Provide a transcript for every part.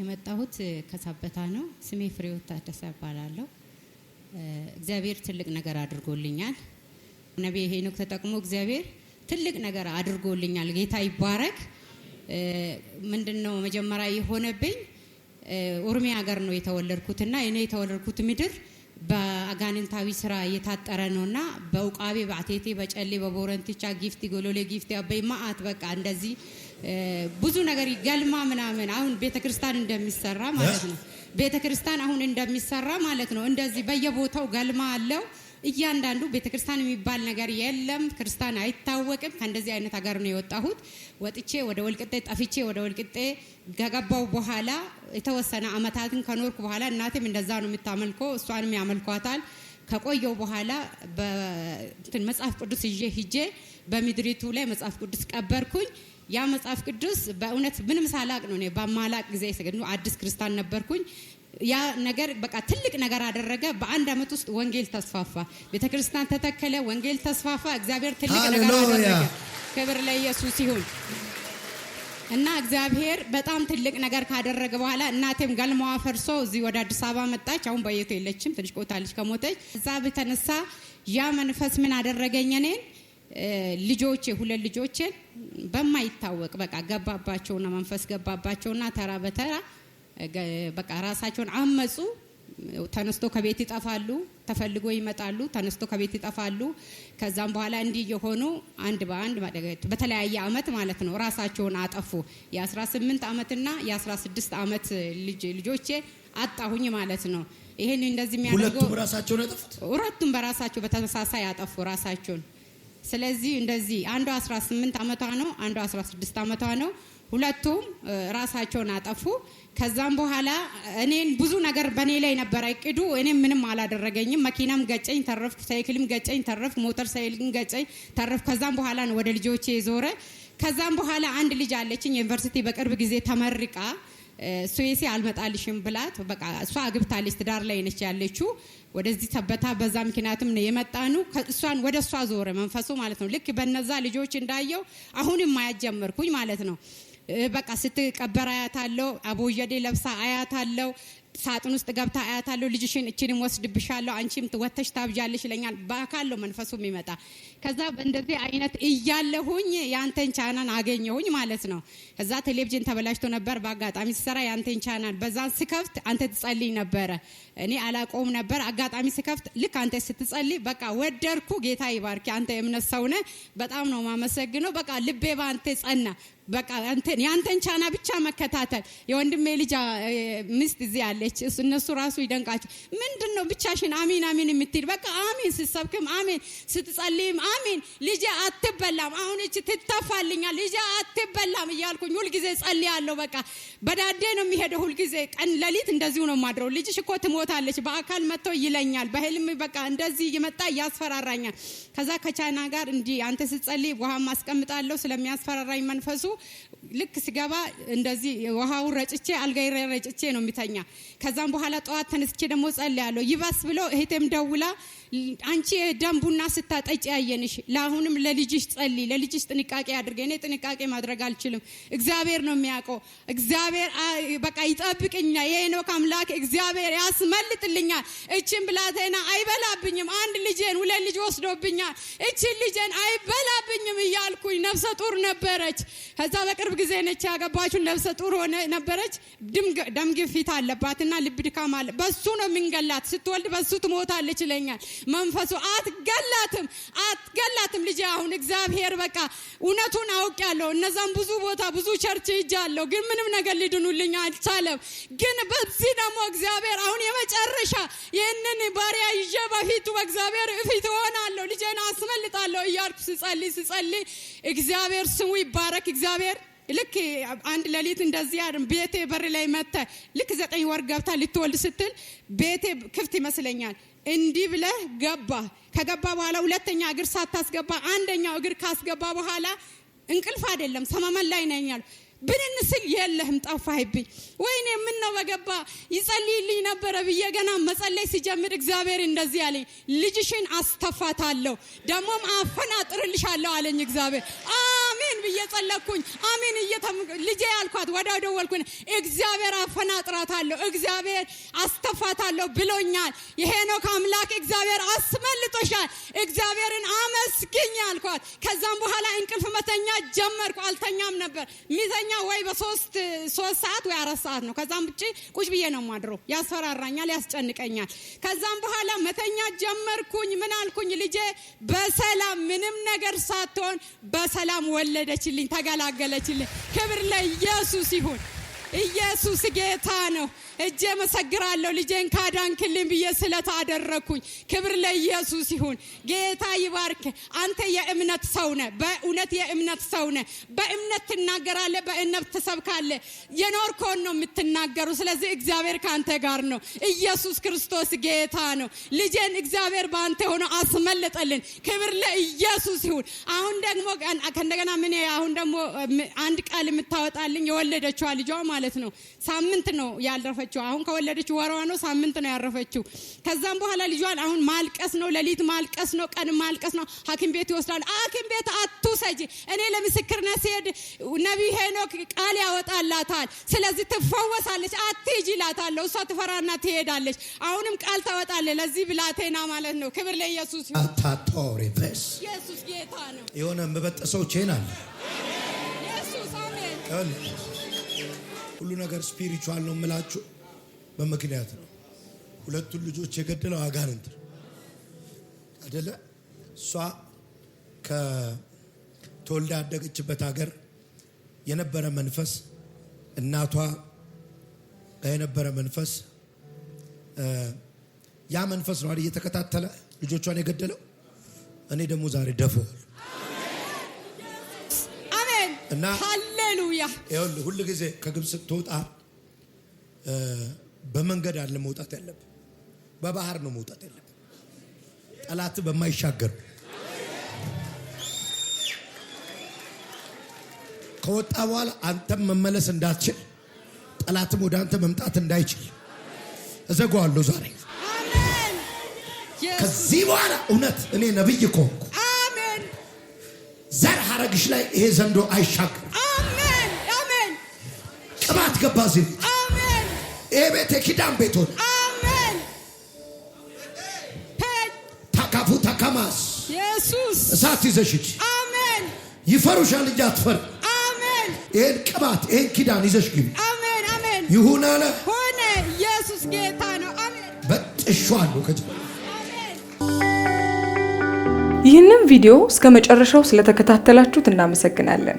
የመጣሁት ከሳበታ ነው። ስሜ ፍሬው ታደሰ እባላለሁ። እግዚአብሔር ትልቅ ነገር አድርጎልኛል። ነቢይ ሄኖክ ተጠቅሞ እግዚአብሔር ትልቅ ነገር አድርጎልኛል። ጌታ ይባረክ። ምንድን ነው መጀመሪያ የሆነብኝ ኦሮሚያ ሀገር ነው የተወለድኩትና እኔ የተወለድኩት ምድር በአጋንንታዊ ስራ እየታጠረ ነውና በውቃቤ በአቴቴ በጨሌ በቦረንቲቻ ጊፍቲ ጎሎሌ ጊፍቲ አበይ ማአት በቃ እንደዚህ ብዙ ነገር ገልማ ምናምን አሁን ቤተክርስቲያን እንደሚሰራ ማለት ነው። ቤተክርስቲያን አሁን እንደሚሰራ ማለት ነው። እንደዚህ በየቦታው ገልማ አለው። እያንዳንዱ ቤተክርስቲያን የሚባል ነገር የለም። ክርስቲያን አይታወቅም። ከእንደዚህ አይነት ሀገር ነው የወጣሁት። ወጥቼ ወደ ወልቅጤ ጠፍቼ ወደ ወልቅጤ ከገባው በኋላ የተወሰነ አመታትን ከኖርኩ በኋላ እናቴም እንደዛ ነው የምታመልከው፣ እሷንም ያመልኳታል። ከቆየው በኋላ መጽሐፍ ቅዱስ ይዤ ሂጄ በምድሪቱ ላይ መጽሐፍ ቅዱስ ቀበርኩኝ። ያ መጽሐፍ ቅዱስ በእውነት ምንም ሳላቅ ነው በማላቅ ጊዜ ሰገድ አዲስ ክርስቲያን ነበርኩኝ። ያ ነገር በቃ ትልቅ ነገር አደረገ። በአንድ አመት ውስጥ ወንጌል ተስፋፋ፣ ቤተ ክርስቲያን ተተከለ፣ ወንጌል ተስፋፋ። እግዚአብሔር ትልቅ ነገር አደረገ። ክብር ለኢየሱስ ይሁን እና እግዚአብሔር በጣም ትልቅ ነገር ካደረገ በኋላ እናቴም ገልማዋ ፈርሶ እዚህ ወደ አዲስ አበባ መጣች። አሁን በየቱ የለችም፣ ትንሽ ቆታለች ከሞተች። እዛ በተነሳ ያ መንፈስ ምን አደረገኝ እኔን ልጆቼ ሁለት ልጆቼን በማይታወቅ በቃ ገባባቸውና መንፈስ ገባባቸውና ተራ በተራ በቃ ራሳቸውን አመፁ። ተነስቶ ከቤት ይጠፋሉ፣ ተፈልጎ ይመጣሉ፣ ተነስቶ ከቤት ይጠፋሉ። ከዛም በኋላ እንዲህ የሆኑ አንድ በአንድ በተለያየ አመት ማለት ነው ራሳቸውን አጠፉ። የ18 አመትና የ16 አመት ልጆቼ አጣሁኝ ማለት ነው። ይህን እንደዚህ የሚያደርገው ሁለቱም በራሳቸው በተመሳሳይ አጠፉ ራሳቸውን ስለዚህ እንደዚህ አንዷ 18 ዓመቷ ነው፣ አንዷ 16 ዓመቷ ነው። ሁለቱም ራሳቸውን አጠፉ። ከዛም በኋላ እኔን ብዙ ነገር በእኔ ላይ ነበረ እቅዱ። እኔም ምንም አላደረገኝም። መኪናም ገጨኝ ተረፍኩ፣ ሳይክልም ገጨኝ ተረፍኩ፣ ሞተር ሳይክልም ገጨኝ ተረፍኩ። ከዛም በኋላ ነው ወደ ልጆቼ የዞረ። ከዛም በኋላ አንድ ልጅ አለችኝ ዩኒቨርሲቲ በቅርብ ጊዜ ተመርቃ ሱዌሴ አልመጣልሽም ብላት በቃ እሷ አግብታለች ትዳር ላይ ነች ያለችው። ወደዚህ ተበታ በዛ ምክንያትም ነው የመጣ እሷን ወደ እሷ ዞረ መንፈሱ ማለት ነው። ልክ በነዛ ልጆች እንዳየው አሁንም ማያጀምርኩኝ ማለት ነው። በቃ ስትቀበር አያት አለው አቦየዴ ለብሳ አያት አለው ሳጥን ውስጥ ገብታ አያታለሁ። ልጅሽን እችንም ወስድብሻለሁ፣ አንቺም ትወተሽ ታብጃለሽ ይለኛል። በአካል መንፈሱ የሚመጣ። ከዛ እንደዚህ አይነት እያለሁኝ የአንተን ቻናን አገኘሁኝ ማለት ነው። ከዛ ቴሌቪዥን ተበላሽቶ ነበር በአጋጣሚ ስሰራ የአንተን ቻናን በዛን ስከፍት አንተ ትጸልይ ነበረ። እኔ አላቆም ነበር። አጋጣሚ ስከፍት ልክ አንተ ስትጸልይ በቃ ወደድኩ። ጌታ ይባርክ። አንተ የእምነት ሰውነ በጣም ነው ማመሰግነው። በቃ ልቤ በአንተ ጸና። በቃ ያንተን ቻና ብቻ መከታተል የወንድሜ ልጅ ሚስት እዚህ አለ አደረገች። እነሱ ራሱ ይደንቃቸው። ምንድን ነው ብቻሽን አሚን አሚን የምትል በቃ አሚን ስትሰብክም አሚን ስትጸልይም አሚን ልጄ አትበላም፣ አሁን እች ትተፋልኛል፣ ልጄ አትበላም እያልኩኝ ሁልጊዜ ጸልያለሁ። በቃ በዳዴ ነው የሚሄደው ሁልጊዜ ቀን ለሊት እንደዚሁ ነው ማድረው። ልጅሽ እኮ ትሞታለች በአካል መጥቶ ይለኛል፣ በህልም በቃ እንደዚህ እየመጣ ያስፈራራኛል። ከዛ ከቻይና ጋር እንዲህ አንተ ስትጸልይ ውሃ ማስቀምጣለሁ ስለሚያስፈራራኝ መንፈሱ ልክ ስገባ እንደዚህ ውሃው ረጭቼ አልጋይ ረጭቼ ነው የሚተኛ ከዛም በኋላ ጠዋት ተነስቼ ደግሞ ጸልያለሁ። ይባስ ብሎ እህቴም ደውላ አንቺ ደም ቡና ስታጠጭ ያየንሽ፣ ለአሁንም ለልጅሽ ጸልይ፣ ለልጅሽ ጥንቃቄ አድርገ። እኔ ጥንቃቄ ማድረግ አልችልም፣ እግዚአብሔር ነው የሚያውቀው። እግዚአብሔር በቃ ይጠብቅኛል፣ የሄኖክ አምላክ እግዚአብሔር ያስመልጥልኛል። እችን ብላቴና አይበላብኝም፣ አንድ ልጄን ሁለት ልጅ ወስዶብኛል፣ እችን ልጄን አይበላብኝም እያልኩኝ ነፍሰ ጡር ነበረች። ከዛ በቅርብ ጊዜ ነች ያገባችሁ፣ ነፍሰ ጡር ሆነ ነበረች፣ ደም ግፊት አለባት ጭንቀትና ልብ ድካም አለ። በሱ ነው የምንገላት። ስትወልድ በሱ ትሞታለች ይለኛል መንፈሱ። አትገላትም፣ አትገላትም ልጄ። አሁን እግዚአብሔር በቃ እውነቱን አውቄያለሁ። እነዛም ብዙ ቦታ ብዙ ቸርች ሄጃለሁ፣ ግን ምንም ነገር ሊድኑልኝ አልቻለም። ግን በዚህ ደግሞ እግዚአብሔር አሁን የመጨረሻ ይህንን ባሪያ ይዤ በፊቱ በእግዚአብሔር እፊት እሆናለሁ፣ ልጄን አስመልጣለሁ እያልኩ ስጸልይ ስጸልይ እግዚአብሔር ስሙ ይባረክ እግዚአብሔር ልክ አንድ ሌሊት እንደዚህ ቤቴ በር ላይ መተ ልክ ዘጠኝ ወር ገብታ ልትወልድ ስትል ቤቴ ክፍት ይመስለኛል እንዲህ ብለህ ገባ። ከገባ በኋላ ሁለተኛ እግር ሳታስገባ አንደኛው እግር ካስገባ በኋላ እንቅልፍ አይደለም ሰመመን ላይ ነኛል ብንን ስል የለህም ጠፋህብኝ። ወይኔ ምነው በገባ ይጸልይልኝ ነበረ ብዬ ገና መጸለይ ሲጀምር እግዚአብሔር እንደዚህ አለኝ፣ ልጅሽን አስተፋታለሁ ደግሞም አፈናጥርልሻለሁ አለኝ እግዚአብሔር። አሜን ብዬ ጸለኩኝ። አሜን ልጄ ያልኳት ወዲያው ደወልኩኝ። እግዚአብሔር አፈናጥራታለሁ፣ እግዚአብሔር አስተፋታለሁ ብሎኛል። የሄኖክ አምላክ እግዚአብሔር አስመልጦሻል፣ እግዚአብሔርን አመስግኝ አልኳት። ከዛም በኋላ እንቅልፍ ሚተኛ ጀመርኩ። አልተኛም ነበር ሚተኛ ወይ በሶስት ሶስት ሰዓት ወይ አራት ሰዓት ነው። ከዛም ውጭ ቁጭ ብዬ ነው ማድረው። ያስፈራራኛል፣ ያስጨንቀኛል። ከዛም በኋላ መተኛ ጀመርኩኝ። ምን አልኩኝ፣ ልጄ በሰላም ምንም ነገር ሳትሆን በሰላም ወለደችልኝ፣ ተገላገለችልኝ። ክብር ለኢየሱስ ይሁን። ኢየሱስ ጌታ ነው። እጄ መሰግራለሁ ልጄን ካዳንክልኝ ብዬ ስለት አደረግኩኝ። ክብር ለኢየሱስ ይሁን። ጌታ ይባርክ። አንተ የእምነት ሰው ነ በእውነት የእምነት ሰው ነ በእምነት ትናገራለ በእምነት ትሰብካለህ። የኖርከውን ነው የምትናገሩ። ስለዚህ እግዚአብሔር ከአንተ ጋር ነው። ኢየሱስ ክርስቶስ ጌታ ነው። ልጄን እግዚአብሔር በአንተ ሆኖ አስመለጠልን። ክብር ለኢየሱስ ይሁን። አሁን ደግሞ ከእንደገና ምን አሁን ደግሞ አንድ ቃል የምታወጣልኝ የወለደችዋ ልጇ ማለት ነው ሳምንት ነው ያለፈ ያረፈችው። አሁን ከወለደች ወሯ ነው፣ ሳምንት ነው ያረፈችው። ከዛም በኋላ ልጇን አሁን ማልቀስ ነው፣ ሌሊት ማልቀስ ነው፣ ቀን ማልቀስ ነው። ሐኪም ቤት ይወስዳል። ሐኪም ቤት አትውሰጂ፣ እኔ ለምስክርነት ሲሄድ ነቢይ ሄኖክ ቃል ያወጣላታል፣ ስለዚህ ትፈወሳለች፣ አትሂጂ ይላታለሁ። እሷ ትፈራና ትሄዳለች። አሁንም ቃል ታወጣለች ለዚህ ብላቴና ማለት ነው። ክብር ለኢየሱስ። አታታወሪ ፕሬስ ኢየሱስ ጌታ ነው። የሆነ የምበጠሰው ቼን አለ ሁሉ ነገር ስፒሪቹዋል ነው የምላችሁ። በምክንያት ነው። ሁለቱን ልጆች የገደለው አጋንንት አደለ? እሷ ከተወልዳ ያደገችበት ሀገር የነበረ መንፈስ እናቷ የነበረ መንፈስ ያ መንፈስ ነው እየተከታተለ ልጆቿን የገደለው። እኔ ደግሞ ዛሬ ደፎ እና ሃሌሉያ። ሁል ጊዜ ከግብፅ ስትወጣ በመንገድ አለ መውጣት ያለብን፣ በባህር ነው መውጣት ያለብን። ጠላት በማይሻገር ከወጣ በኋላ አንተም መመለስ እንዳትችል፣ ጠላትም ወደ አንተ መምጣት እንዳይችል እዘጋዋለሁ ዛሬ። ከዚህ በኋላ እውነት እኔ ነብይ ከሆንኩ ዘር ሀረግሽ ላይ ይሄ ዘንዶ አይሻገር። ቅባት ገባ ዜ ይሄ ቤት የኪዳን ቤት ሆነ። አሜን። ተካፉ ተከማስ ኢየሱስ እሳት ይዘሽ አሜን። ይፈሩሻል እንጂ አትፈር። አሜን። ይሄን ቅባት ይሄን ኪዳን ይዘሽ ግቢ። አሜን። አሜን። ይሁን አለ ሆነ። ኢየሱስ ጌታ ነው። አሜን። በጥሻለሁ ከጅ ይህንን ቪዲዮ እስከ መጨረሻው ስለተከታተላችሁት እናመሰግናለን።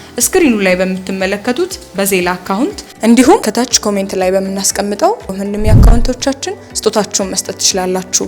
ስክሪኑ ላይ በምትመለከቱት በዜላ አካውንት እንዲሁም ከታች ኮሜንት ላይ በምናስቀምጠው ምንም የአካውንቶቻችን ስጦታችሁን መስጠት ትችላላችሁ።